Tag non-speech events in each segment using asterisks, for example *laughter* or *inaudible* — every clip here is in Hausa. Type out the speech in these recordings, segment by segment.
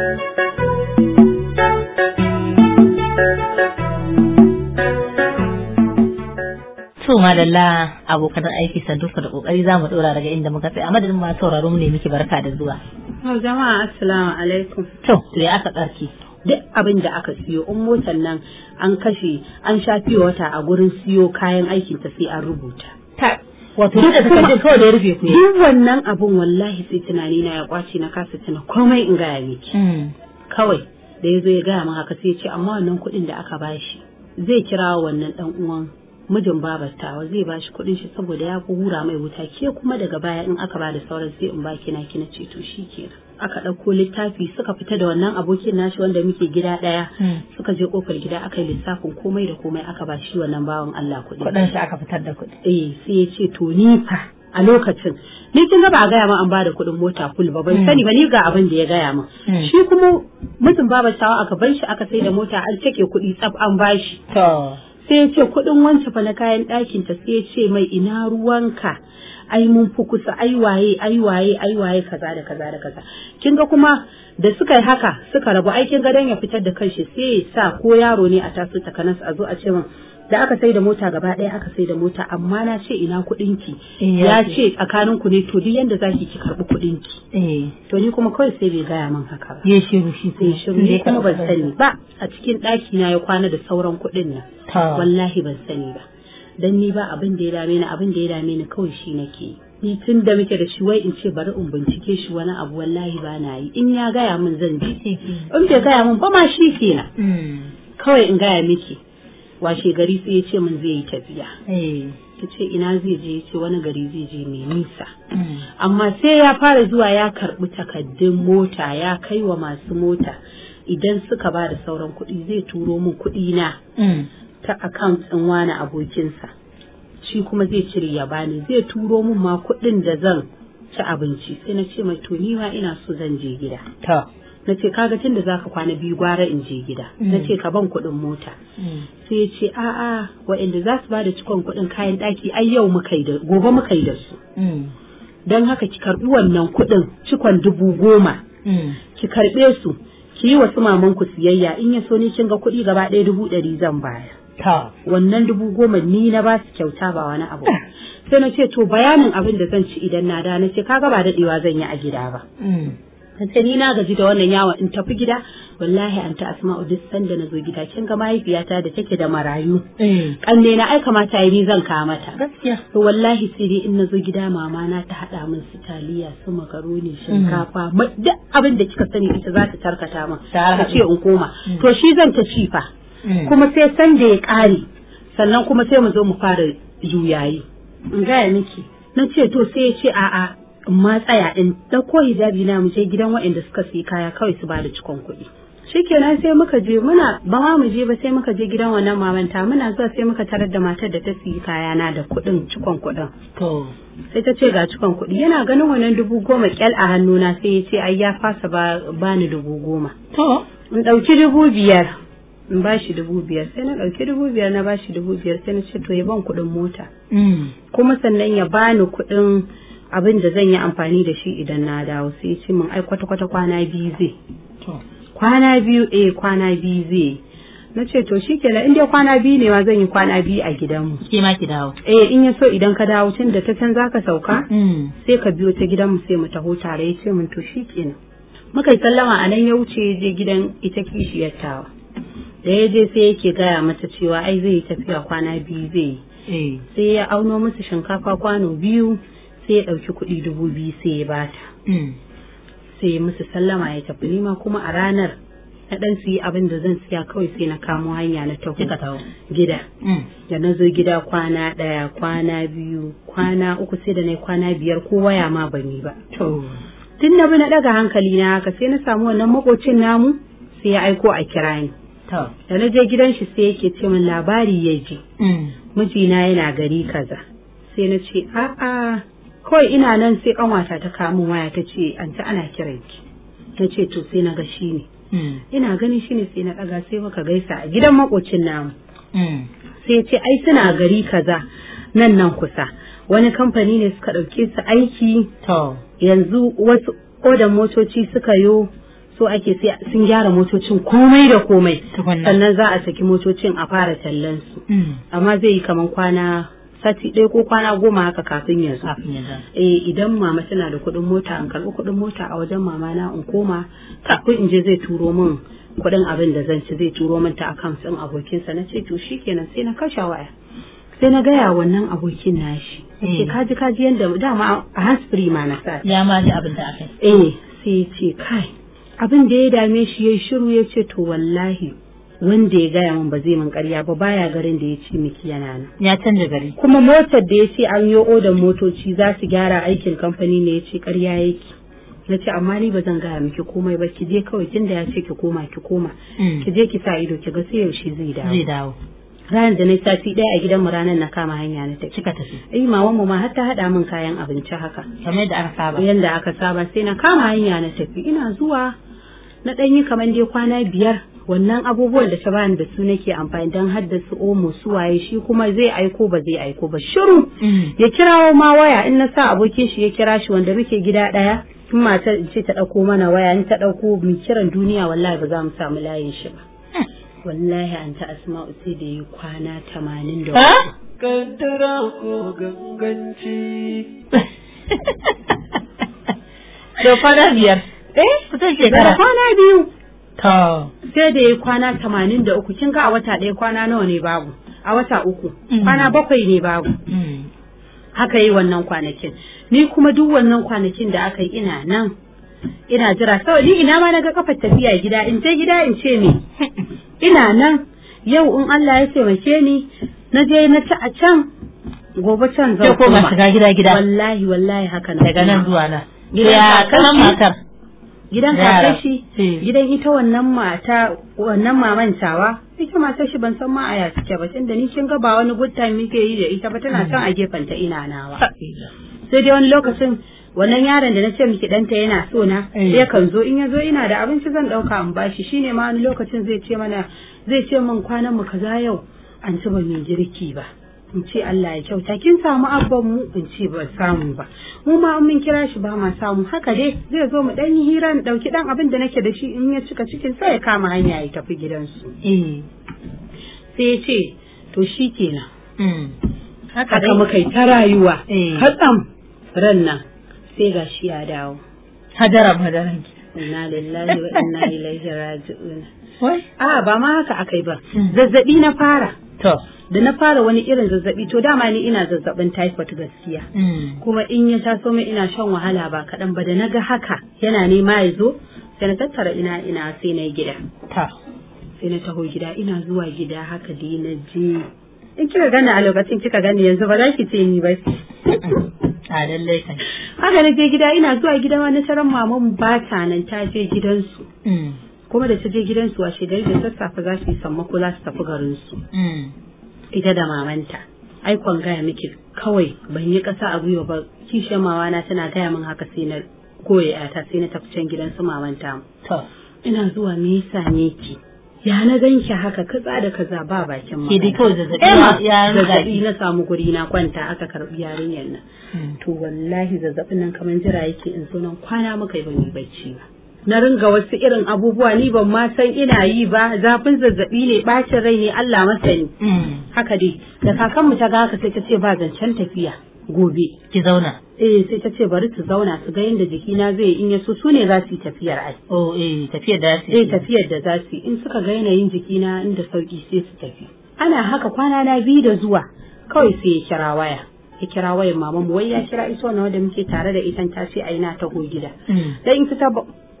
To madalla abokan aiki sanduka da kokari za mu dora daga inda muka tsaya madadin ma sauraro mu ne miki barka da zuwa. To jama'a assalamu alaikum. To to ya aka tsarki. Duk abin da aka siyo in motar nan an kashe an sha wata a gurin siyo kayan aikin ta sai an rubuta. wato da kawai da ya rufe duk wannan abun wallahi sai tunani na ya kwace na kasa tuna komai in gaya miki hmm. kawai da ya zo ya gaya min haka sai ya ce amma wannan kuɗin da aka bashi zai kira wannan dan uwan mijin babastawa zai ba shi kuɗin shi saboda ya hura mai wuta ke kuma daga baya in aka ba da sauran sai in baki na kina ce to shi ke aka ɗauko littafi suka fita da wannan abokin nashi wanda muke gida ɗaya hmm. suka je kofar gida aka yi lissafin komai da komai aka ba shi wannan bawan Allah kuɗi. Kuɗin shi aka fitar da kuɗi. Eh sai ya ce to ni fa a lokacin ni kin ga ba a gaya ma an ba da kuɗin mota kul ba ban hmm. sani ba ni ga abin da ya gaya min hmm. shi kuma mutum baba shawa aka bar shi aka sai da mota an take kuɗi tsaf an bashi. To. sai ya ce kuɗin wance fa na kayan ɗakin ta sai ya ce mai ina ruwanka ai mun fi kusa ai waye ai waye ai waye kaza da kaza da kaza kin ga kuma da suka yi haka suka rabu ai kin ga dan ya fitar da kanshi sai ya sa ko yaro ne a taso takanas a zo a ce mun da aka sai da mota gaba ɗaya aka sai da mota amma na ce ina kuɗin ki eh, ya ce tsakanin ku ne to duk yanda zaki ki karɓi kuɗin ki eh. to ni kuma kawai sai bai gaya min haka ba ya shiru shi sai shiru ni kuma ban sani ba a cikin ɗaki na ya kwana da sauran kuɗin nan wallahi ban sani ba dan ni ba abin da ya dame ni abin da ya dame ni kawai shi nake ni tun da muke da shi wai in ce bari in bincike shi wani abu wallahi ba na yi in ya gaya min zan ji in bai gaya min ba ma shi kenan mm. kawai in gaya miki washe gari sai ya ce min zai yi tafiya eh. ta ce ina zai je ce wani gari zai je mai nisa mm. amma sai ya fara zuwa ya karɓi takaddun mota ya kai wa masu mota idan suka ba da sauran kuɗi zai turo min kuɗi na mm. ta account ɗin wani abokinsa shi kuma zai cire ya bani zai turo min ma kuɗin da zan ci abinci sai na ce mai to ni ma ina so zan je gida na ce kaga tun da zaka kwana biyu gwara in je gida mm. na ce ka ban kuɗin mota mm. sai ya ce a'a waɗanda za su bada cikon kuɗin kayan ɗaki ai yau yi gobe muka yi da su mm. don haka ki karɓi wannan kuɗin cikon dubu goma ki karɓe su ki yi wasu ku siyayya in ya so ni kin ga kuɗi gaba ɗaya dubu ɗari zan baya wannan dubu goma ni na ba su kyauta ba wani abu sai na ce to bayanin abin da zan ci idan na da na ce kaga ba daɗewa zan yi a gida ba na ni na gaji da wannan yawa in tafi gida wallahi an ta asma'u duk sanda na zo gida kin ga mahaifiyata da take da marayu kanne eh. na ai kamata yi ni zan kawo mata gaskiya to wallahi sai in na zo gida mama na ta hada min su taliya su makaroni mm. shinkafa duk abin da kika sani ita za ta tarkata min ta ce in koma mm. to shi zan ta ci fa mm. kuma sai sanda ya kare sannan kuma sai mu zo mu fara juyayi in gaya miki na ce to sai ya ce a'a ma tsaya in dauko hijabi na muje je gidan waɗanda suka sayi kaya kawai su da cikon kuɗi shikenan sai muka je muna ba ma mu je ba sai muka je gidan wannan mamanta muna zuwa sai muka tarar da matar da ta sayi kaya na da kuɗin cikon kuɗin to sai ta ce ga cikon kuɗi yana ganin wannan dubu goma kyal a hannuna sai ya ce ai ya fasa ba ni dubu goma to in dauki dubu biyar in ba shi dubu biyar sai na dauki dubu biyar na ba shi dubu biyar sai na ce to ya ban kuɗin mota mm. kuma sannan ya bani kuɗin abin da zan yi amfani da shi idan na dawo sai ce min ai kwata kwata kwana biyu zai kwana biyu eh kwana biyu zai na ce to shi kenan in dai kwana biyu ne ma zan yi kwana biyu a gidanmu ke ma ki dawo eh in ya so idan ka dawo tun da ta can zaka sauka mm. sai ka biyo ta gidan mu sai mu taho tare ya ce min to shi kenan muka yi sallama a nan ya wuce yaje je gidan ita kishiyar tawa da ya je sai yake gaya mata cewa ai zai yi tafiya kwana biyu zai eh. sai ya auno musu shinkafa kwano biyu sai ya ɗauki kuɗi dubu biyu sai ya bata mm. sai musu sallama ya tafi nima kuma a ranar na ɗan su abin da zan siya kawai sai na kamo hanya na taho gida mm. da na zo gida kwana ɗaya kwana biyu kwana uku sai da na kwana biyar ko waya ma ban yi ba tun na bi na ɗaga hankali na haka sai na samu wannan makocin namu sai ya aiko a kira ni da na je gidan shi sai yake ce min labari ya ji mm. mijina yana gari kaza sai na ce a'a kawai ina nan sai kanwata ta kamun waya ta ce an ta ana ki ta ce to sai na ga shi ne hmm. ina ganin shi ne sai na daga sai muka gaisa a gidan makocin namu hmm. sai ce ai suna gari kaza nan nan kusa wani kamfani ne suka ɗauke su aiki yanzu wasu odan motoci suka yo so ake sun gyara motocin komai da komai sannan za a saki motocin a fara tallan su. Hmm. amma zai yi kaman kwana sati ɗaya ko kwana goma haka kafin yanzu eh idan mama tana da kuɗin mota in karɓi kuɗin mota a wajen mama na in koma kafin in je zai turo min kuɗin abin da zan ci zai turo min ta akan sun abokinsa na ce to shikenan sai na kashe waya sai na gaya wannan abokin nashi Ke eh. kaji kaji yanda dama a hansfree ma na sa ya ma ji abin da aka eh sai ya ce kai abin da ya dame shi ya shiru ya ce to wallahi wanda ya gaya min ba zai min karya ba baya garin da ya ce miki yana nan ya canza gari kuma motar da ya ce an yi odan motoci za su gyara aikin kamfani ne ya ce karya yake na ce amma ni ba zan gaya miki komai ba ki je kawai da ya ce ki koma ki koma mm. ki je ki sa ido ki ga sai yaushe zai dawo zai dawo ranar da na sati ɗaya a gidanmu ranar na kama hanya na tafi. Kika tafi. ai mawan mu ma har ta haɗa min kayan abinci haka. Kamar yadda aka saba. Yanda aka saba sai na kama hanya na tafi ina zuwa na ɗan yi kamar dai kwana biyar wannan abubuwan da ta bani da su nake amfani don haddasa omo su waye shi kuma zai aiko ba zai aiko ba shiru mm. ya kirawo ma waya in na sa abokin shi ya kira shi wanda muke gida daya in matar in ce ta dauko mana waya in ta dauko mu kiran duniya wallahi ba za mu samu layin shi ba mm. wallahi an ta asma'u sai da yi kwana tamanin da kaddara ko ganganci da *laughs* biyar eh kusan shekara kwana biyu sai da ya kwana tamanin da uku kin ga a wata ɗaya kwana nawa ne babu a wata uku mm. kwana bakwai ne babu mm. haka yi wannan kwanakin ni kuma duk wannan kwanakin da aka yi ina nan ina jira kawai ni ina ma na ga kafar tafiya gida in je gida in ce me *laughs* ina nan yau in Allah ya taimake ni na je na ci a can gobe can zan koma shiga gida gida wallahi wallahi hakan daga nan zuwa nan gida kan makar gidan kakar shi eh. gidan ita wannan mata wannan maman ita matar shi ban san ma aya ya ba tunda ni kin ga ba wani good time muke yi da ita ba tana son hmm. a gefen ta ina nawa sai dai wani lokacin wannan yaron da na ce miki danta yana so na eh. sai kan zo in ya zo ina da abinci zan dauka in bashi shine ma wani lokacin zai ce mana zai ce min kwanan mu kaza yau an ci ba mai girki ba in ce Allah ya kyauta kin samu abban mu in ce ba samu ba mu ma mun kira shi ba ma samu haka dai zai zo mu dan yi hira dauki dan abin da nake da shi in ya cika cikin sai ya kama hanya ya tafi gidansu eh sai ya ce to shi kenan hmm. haka muka yi ta rayuwa eh. hatsam ranna sai ga shi ya dawo hadara hadaran ki inna lillahi wa inna ilaihi raji'un wai a ah, ba ma haka akai ba hmm. zazzabi na fara to da na fara wani irin zazzabi to dama ni ina zazzabin typhoid gaskiya mm. kuma in ya taso min ina shan wahala ba kaɗan ba da na ga haka yana nema ya zo sai na tattara ina ina sai na gida ta sai na taho gida ina zuwa gida haka da na je in kika gani a lokacin kika gani yanzu ba za ki ce ni ba a lallai kai haka na je gida ina zuwa gida ma na taron maman ba ta nan ta je gidansu mm. kuma da ta je gidansu washe gari da sassafe za su yi sammako za su tafi garinsu mm. ita da mamanta ai kwan gaya miki kawai ban yi ƙasa a gwiwa ba kishiyar mawana tana gaya min haka sai na goye ta sai na tafi can gidan su mamanta ina zuwa me yasa ne ki ya na gan ki haka kaza da kaza ba bakin ma dai kawai zazzabi na samu guri na kwanta aka karɓi yarinyar nan hmm. to wallahi zazzabin nan kamar jira yake in zo nan kwana muka yi ban bacci ba na ringa wasu irin abubuwa ni ban ma san ina yi ba zafin zazzabi ne bacin rai ne Allah masani mm. haka dai da kakanmu ta ga haka sai ta ce ba zancen tafiya gobe ki zauna eh sai ta ce bari su zauna su ga yadda jikina zai in ya so ne za su yi tafiyar ai oh eh tafiyar da su eh tafiyar da za su in suka ga yanayin jikina inda sauki sai su tafi ana haka kwana na biyu da zuwa kawai sai ya kira waya ya kira wayan mamamu wai ya kira iso na wanda muke tare da ita ta ce yi na taho gida mm. dan in ta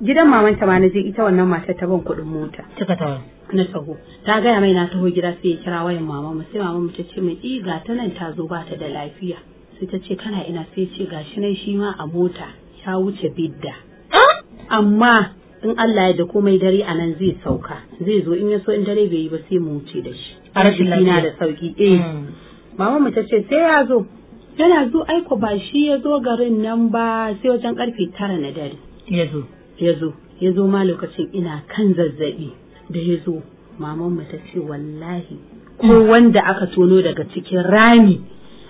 gidan mamanta ma na je ita wannan matar ta ban kuɗin mota kika ta na taho ta gaya mai na taho gida sai ya kira wayan mama mu sai mama mu ta ce mai i ga ta nan ta zo ba ta da lafiya sai ta ce kana ina sai ce ga shi nan shi ma a mota ya wuce bidda amma in Allah ya da komai dare a nan zai sauka zai zo in ya so in dare bai yi ba sai mu wuce da shi a rashin lafiya da sauki eh hmm. mama mu ta ce sai ya zo yana zo aiko ba shi ya zo garin nan ba sai wajen karfe tara na dare ya zo ya zo ya zo ma lokacin ina kan zazzabi da ya zo maman mu ta ce wallahi ko wanda aka tono daga cikin rami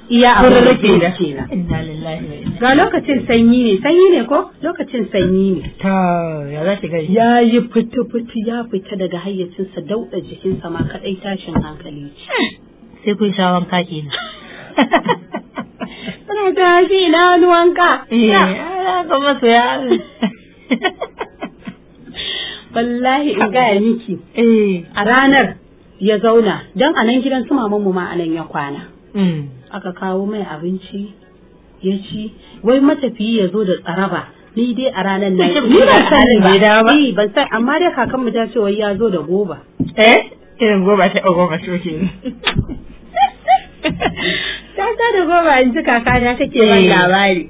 iya abu da ke da inna lillahi ga lokacin sanyi ne sanyi ne ko lokacin sanyi ne ta ya za ki gani ya yi fitu fitu ya fita daga hayyacinsa dauɗa jikinsa ma kadai tashin hankali sai kun sha wanka kenan Tana ta shi ina wani wanka. Ya kuma su ya wallahi in gaya miki eh. a ranar ya zauna don a nan gidan su maman mu ma a nan ya kwana mm. aka kawo mai abinci ya ci wai matafiyi ya zo da tsaraba ni dai a ranar na *laughs* ni ban sani ba ban san eh, amma dai kakan mu ta wai ya zo da goba eh irin goba ta oh, goba so ke *laughs* ta da goba in ji kaka ta take ban eh. labari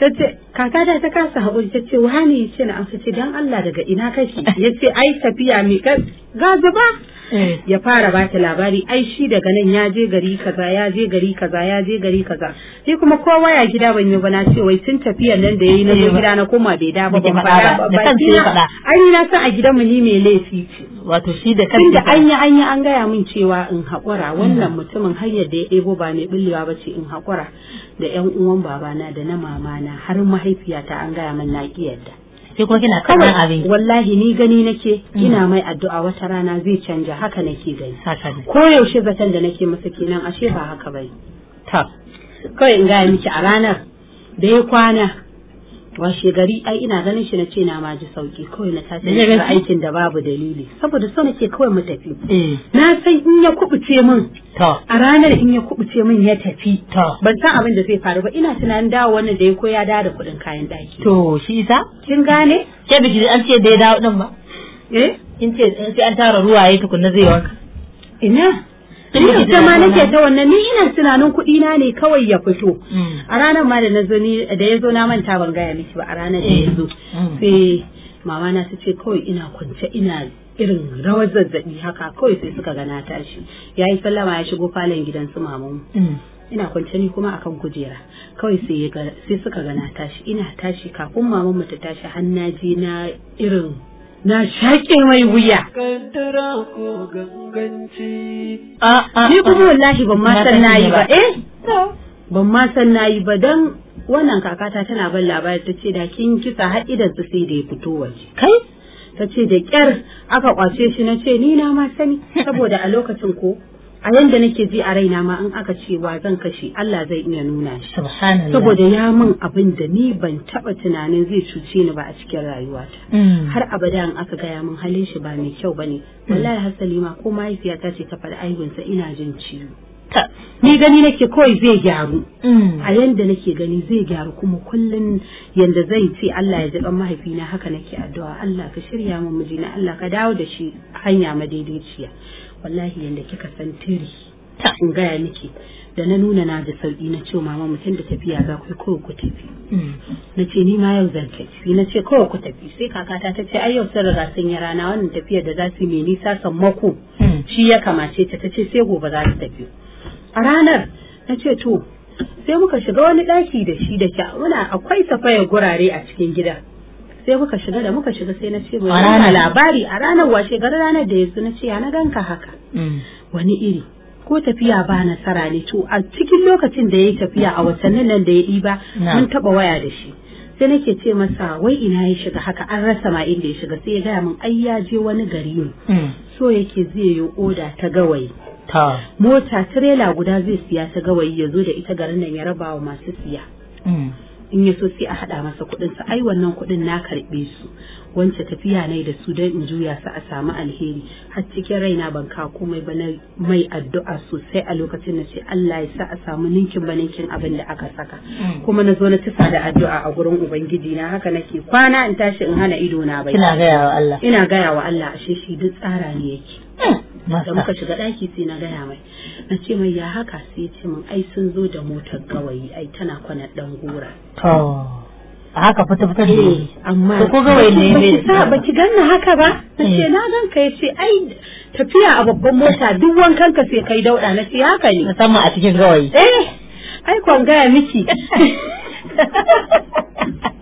tace kakata ta kasa haƙuri tace wani yace na amsa ce dan Allah daga ina kake yace ai tafiya mi ka gazaba Eh, ya fara ba ta labari ai shi daga nan ya je gari kaza ya je gari kaza ya je gari kaza sai kuma kowa ya gida ban yi ba na ce wai tun tafiyar nan da yayi na zo eh, gida na koma bai da ba ban fada. ba ai na san a gidan mu ni mai laifi wato shi da kan da an yi an yi an gaya mun cewa in hakura wannan mutumin hanyar da ya ɗebo ba mai billewa ba ce in hakura da ƴan uwan babana da na mamana har mahaifiyata an gaya min na ƙi yadda ke kuma kina kallon abin wallahi ni gani nake mm. ina mai addu'a wata rana zai canja haka nake gani ko yaushe zaton da nake masa kenan ashe ba haka bai ta kawai in gaya miki a ranar da ya kwana washe gari ai ina ganin shi nace na ma ji sauki kawai na tashi aikin da babu dalili saboda so nake kawai mu tafi eh. na san in ya kubuce mun. a ranar in ya kubuce min ya tafi ban san abin da zai faru ba ina tunanin dawo wannan da ya koya da da kuɗin kayan ɗaki to shi isa kin gane ke biki an ce da ya dawo din ba eh in ce in sai an tara ruwa yayi tukunna zai wanka ina Ni ita ma nake ta wannan ni ina tunanin kuɗi na ne kawai ya fito. Mm. A ranar ma da na zo ni da ya zo na manta ban gaya miki ba a ranar da ya eh. zo. Mm. Sai mama na ta ce kawai ina kwance ina irin rawar zazzabi haka kawai sai suka gana tashi ya yi sallama ya shigo falon gidan su maman mm. ina kwance ni kuma akan kujera kawai sai suka gana tashi ina tashi kafin mamun mu ta tashi hannaji na irin na shaƙe mai wuya. Ni kuma wallahi ban ma san nayi ba eh ban ma san nayi ba dan wannan kakata tana ban labari ta ce da kin kisa haɗi da su sai da ya fito waje. Kai ta ce da kyar aka kwace shi na ce ni na ma sani *laughs* saboda a lokacin ko a yanda nake ji a raina ma in aka ce wa zan kashe Allah zai iya nuna shi saboda ya mun abin da ni ban taba tunanin zai cuce ni ba a cikin rayuwata mm. har abada in aka gaya min halin shi ba mai kyau bane mm. wallahi hasali ma ko mahaifiyata ce ta faɗi aihunsa ina jin ciwo Ta ni gani nake kawai zai gyaru mm. a yanda nake gani zai gyaru kuma kullum yanda zai ce Allah ya ban mahaifina haka nake addu'a Allah ka shirya min mijina Allah ka dawo da shi hanya madaidaiciya wallahi yanda kika san tiri ta in gaya miki da na nuna na da sauki na ce mama mutum da tafiya za ku kawai ku tafi mm. na ce ni ma yau zan tafi na ce kawai ku tafi sai kakata ta ce ai yau sun riga sun yi rana wannan tafiyar da za su yi mai nisa mako mm. shi ya kamace ta ta ce sai gobe za su tafi a ranar na ce to sai muka shiga wani daki da shi da sha muna akwai safayar gurare a cikin gida sai muka shiga da muka shiga sai na ce mai ranar labari a ranar washe gar ranar da yanzu na ce ya na ganka haka mm. wani iri ko tafiya ba nasara ne to a cikin lokacin da ya yi tafiya a watannin nan da ya ɗiba mun taɓa waya da shi sai nake ce masa wai ina ya shiga haka an rasa ma inda ya shiga sai ya gaya min ai ya je wani gari ne mm. so yake zai yi oda ta gawayi mota tirela guda zai siya ta gawayi ya zo da ita garin nan ya raba wa masu siya mm. in ya so sai a haɗa masa kuɗin sa ai wannan kuɗin na karɓe su wance tafiya ne da su don in juya su a samu alheri har cikin raina ban ka komai ba na mai addu'a sosai a lokacin na ce Allah ya sa a samu ninkin ba ninkin abin da aka saka mm. kuma na zo na tufa da addu'a a gurin ubangiji na haka nake kwana in tashi in hana ido na bai ina gaya wa Allah ina gaya wa Allah ashe shi duk tsara ne yake da hmm. muka shiga ɗaki sai na gaya mai na ce mai ya haka sai ce min ai sun zo da motar gawayi ai tana kwana ɗan gora a haka fita fita ne eh, amma ko gawayi ne ne *laughs* da ba ki ganna haka ba na ce eh. na gan ka sai ai tafiya a babban mota duk wankan ka sai kai dauɗa na ce haka ne musamman a cikin gawayi eh ai kon gaya miki *laughs*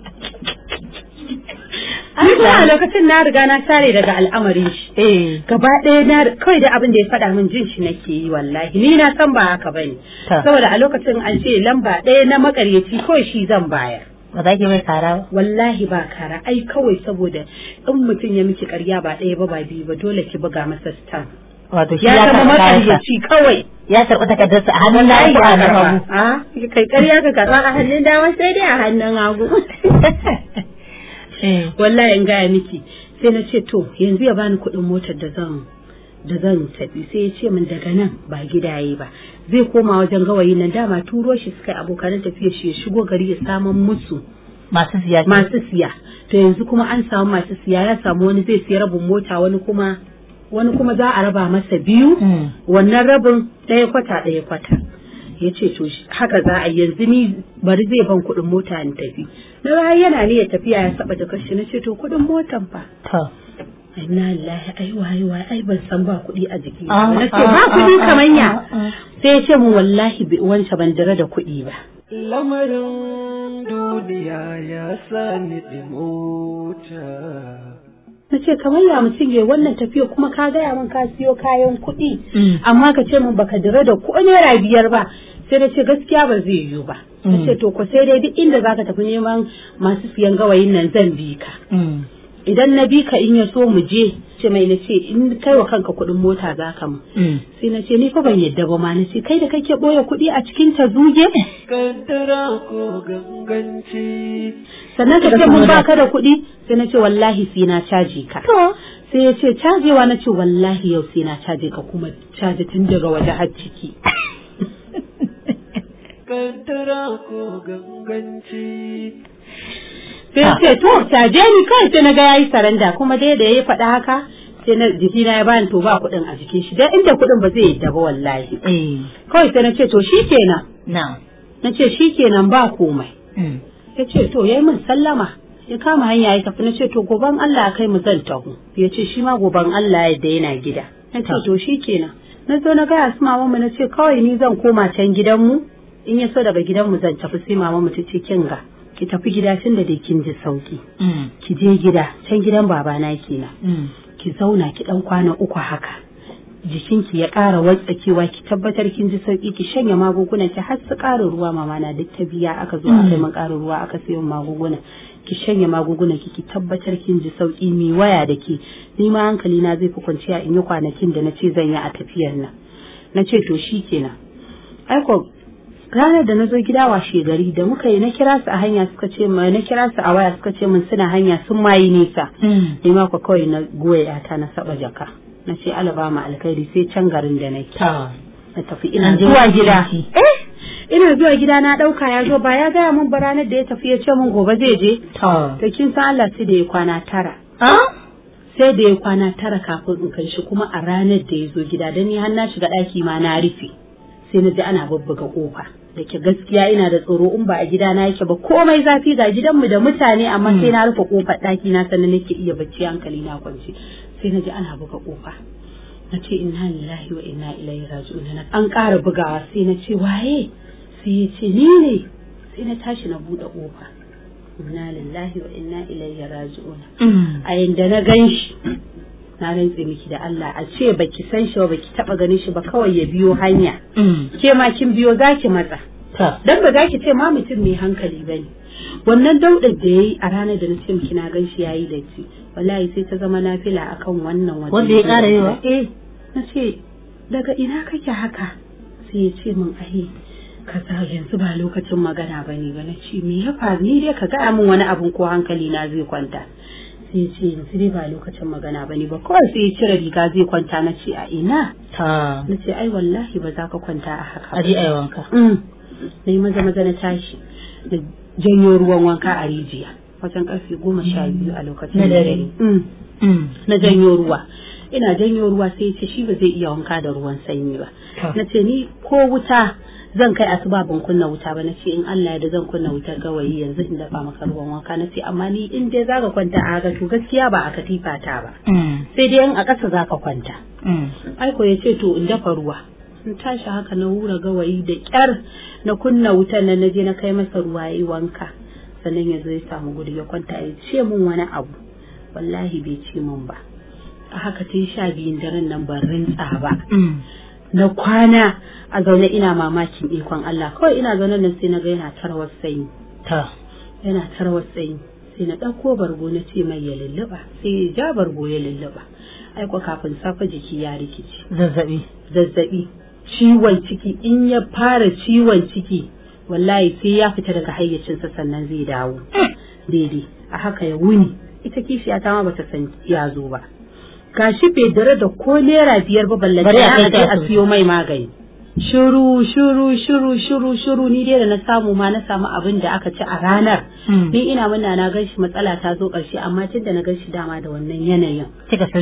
Ni kuma a lokacin na riga na share daga al'amarin shi. Eh. Gaba ɗaya na kawai da abin da ya faɗa min jin shi nake yi wallahi. Ni na san ba haka bane. Saboda a lokacin an ce lamba ɗaya na makaryaci kawai shi zan bayar. ba za ki mai kara ba wallahi ba kara ai kawai saboda in mutum ya miki karya ba ɗaya ba ba biyu ba dole ki buga masa stan wato shi ya zama makaryaci kawai ya karɓi takardar sa a hannun dama ko a hannun a ah, kai karya ka karɓa a hannun dama sai dai a hannun hagu *laughs* Eh. wallahi in gaya miki sai na ce to yanzu ya bani kuɗin motar da zan da zan tafi sai ya ce min daga nan ba gida yayi ba zai koma wajen gawayi nan dama turo shi suka abokanan tafiya shi ya shigo gari ya samu musu masu siya masu siya to yanzu kuma an samu masu siya ya samu wani zai siya rabin mota wani kuma wani kuma za a raba masa biyu hmm. wannan rabin ɗaya kwata ɗaya kwata ya ce to haka za a yanzu ni bari zai ban kuɗin mota in tafi na baya yana ne ya tafiya ya saba da shi na ce to kuɗin motan fa inna lillahi ai wai wai ai ban san ba kuɗi a jiki na ah, ce ah, ba kuɗi ah, kaman ya sai ya ce mu wallahi bi wance ban dira da kuɗi ba lamarin duniya ya sani mota ce kamar ya mutum ya wannan tafiya kuma ka gaya min ka siyo kayan kuɗi mm. amma ka ce min baka dire da ko naira biyar ba sai na gaskiya ba zai yiwu ba na mm. ce to ko sai dai duk inda zaka tafi neman masu siyan gawayin nan zan bi ka mm. idan na bi ka in ya so mu je ce mai nace in kai wa kanka kuɗin mota za ka mu mm. sai na ce ni fa ban yadda ba ma nace kai da kake boye kuɗi a cikin ta zuge sannan ka ce mun ka da kuɗi sai na ce wallahi sai na caji ka sai ya ce cajewa na ce wallahi yau sai na caje ka kuma caje tun daga waje har ciki Kantara ko ganganci sai ce to caje ni kawai sai na ga yayi saranda kuma dai da yayi faɗa haka sai na jiki na ya bani to ba kuɗin a jikin shi dai inda kuɗin ba zai yadda ba wallahi eh. kawai sai na ce to shikenan na na ce shikenan ba komai mm. ya ce to yayi min sallama ya kama hanya ya tafi na ce to goban Allah ya kai mu zan tahu. ya ce shi ma goban Allah ya yana gida na ce to shikenan na zo na gaya su mamanmu na ce kawai ni zan koma can gidanmu in ya so gidan mu zan tafi sai mu ta ce kin ga ki tafi gida tun da dai kin ji sauki mm. ki je gida can gidan babana kenan mm. ki zauna ki dan kwana uku haka Jikin ki ya ƙara watsakewa ki tabbatar kin ji sauki ki shanya magunguna ki har su ƙara ruwa mama na duk ta biya aka zo aka mm. min ƙara ruwa aka sayo magunguna ki shanya magunguna ki ki tabbatar kin ji sauki mi waya da ke ni ma hankali na zai fi kwanciya in yi kwanakin da na ce zan yi a tafiyar nan na ce to shi shikenan aiko ranar da na zo gida washe gari da muka yi na kira su a hanya suka ce ma na kira su a waya suka ce mun suna hanya sun mayi nisa hmm. ni ma kawai na goya ta na saba jaka na ce alabama alkhairi sai can garin da nake na tafi ina zuwa gida eh ina zuwa gida na dauka ya zo ba ya gaya mun ba ranar da ya tafi ya ce mun gobe zai je to kin san Allah sai da ya kwana tara ah? sai da ya kwana tara kafin in kai shi kuma a ranar da ya zo gida dan ni har na shiga daki ma na rufe sai na ji ana babbaga kofa da ke gaskiya ina da tsoro in ba a gida na yake ba komai zafi ga gidanmu da mutane amma sai na rufe kofa ɗaki na sannan nake iya bacci hankali na kwance sai na ji ana buga kofa na ce inna lillahi wa inna ilaihi raji'un an ƙara bugawa sai na ce waye sai ya ce ni ne sai na tashi na buɗe kofa inna lillahi wa inna ilaihi raji'un mm. a yanda na ganshi na rantse miki da Allah a ce baki san shi ba ki taba ganin shi ba kawai ya biyo hanya mm. ke ma kin biyo zaki matsa dan ba zaki ce ma mutum mai hankali bane wannan daudar da yayi a ranar da na ce miki na gan shi yayi da ki wallahi sai ta zama nafila akan wannan wanda wanda ya kara yawa eh na ce daga ina kake haka sai ya ce min ahi kaza yanzu ba lokacin magana bane ba na ce me ya faru ni dai ka ga min wani abun ko hankali na zai kwanta sai ce yanzu dai ba lokacin magana bane ba kawai sai ya cire riga zai kwanta na ce a ina ta na ce ai wallahi ba za ka kwanta a haka a je ai wanka mm. na yi maza maza na tashi da janyo ruwan wanka a rijiya wajen karfe goma sha mm. biyu a lokacin na dare mm. na janyo ruwa ina janyo ruwa sai ce shi ba zai iya wanka da ruwan sanyi ba na ce ni ko wuta zan kai asuba ban kunna wuta ba nace in Allah ya da zan kunna wutar gawayi yanzu in dafa maka ruwan wanka nace amma ni in dai zaka kwanta a haka to gaskiya ba a katifa ta ba mm. sai dai in a ƙasa zaka kwanta mm. ai ko yace to in dafa ruwa in tashi haka na hura gawayi da kyar na kunna wutar nan naje na kai masa ruwa yi wanka sannan ya ya samu guri ya kwanta ya ce mun wani abu wallahi bai ce mun ba a haka tun sha biyun daren nan ban rintsa ba mm. na kwana a zaune ina mamakin ikon Allah kawai ina zaune nan sai na ga yana tarwar sanyi ta yana tarwar sanyi sai na ɗauko bargo na ce mai ya lulluɓa sai ya ja bargo ya lulluɓa aiko kafin safa jiki ya rikici zazzabi zazzabi ciwon ciki in ya fara ciwon ciki wallahi sai ya fita daga hayyacinsa sannan zai dawo eh. daidai a haka ya wuni ita kishiya ta ma bata san ya zo ba gashi bai dare da ko naira biyar ba balle a siyo mai magani shuru shuru shuru shuru shuru ni dai da na samu ma na samu abin da aka ci a ranar hmm. ni ina muna na gan shi matsala ta zo karshe amma tun da na gan shi dama da wannan yanayin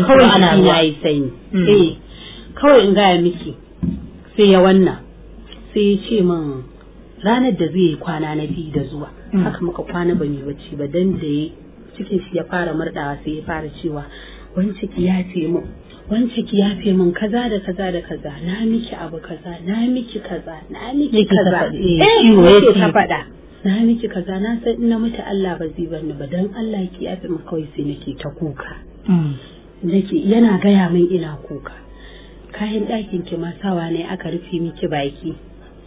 kawai ana ruwa yi sanyi hmm. eh kawai in gaya miki sai ya wannan sai ya ce min ranar da zai yi kwana na biyu da zuwa hmm. haka muka kwana ban yi wacce ba dan da cikin shi ya fara murdawa sai ya fara cewa wanci ya yafe mu wanciki ya mun kaza da kaza da kaza na miki abu kaza na miki kaza na miki kaza eh, eh faɗa na miki kaza na san in na mutu Allah ba zai bani ba dan Allah ki fi kawai sai nake ta kuka mm. nake yana gaya min ina kuka kayan ɗakin ki ma sawa ne aka rufe miki baki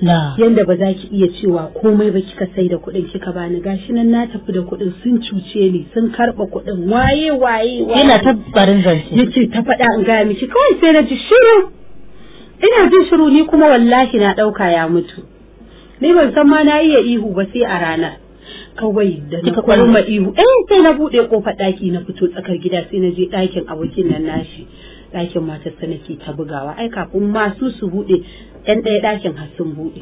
yanda ba za ki iya cewa komai ba kika sai da kuɗin kika bani gashi nan na tafi da kuɗin sun cuce ni sun karɓa kuɗin waye waye waye yana ta barin zance yace ta faɗa in ga miki kawai sai na ji shiru ina jin shiru ni kuma wallahi na ɗauka ya mutu ni ban san ma na iya ihu ba sai a ranar kawai da na kwarma ihu eh sai na buɗe kofar ɗaki na fito tsakar gida sai na je ɗakin abokin nan nashi ɗakin matar sanaki ta bugawa ai kafin masu su buɗe ɗan ɗaya ɗakin har sun buɗe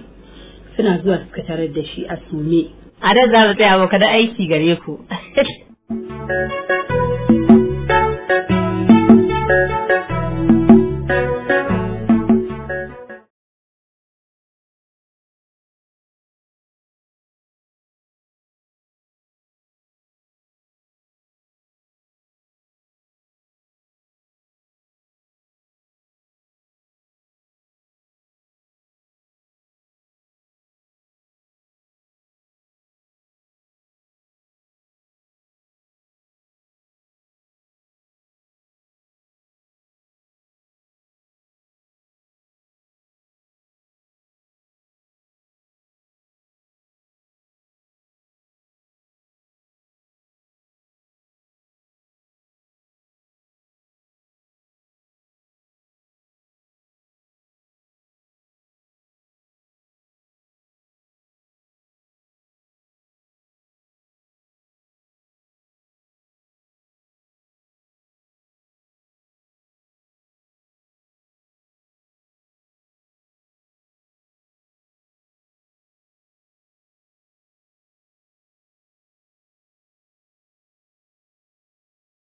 suna zuwa suka tarar da shi a sume a da za mu tsaya abokan aiki gare ku thank *laughs* you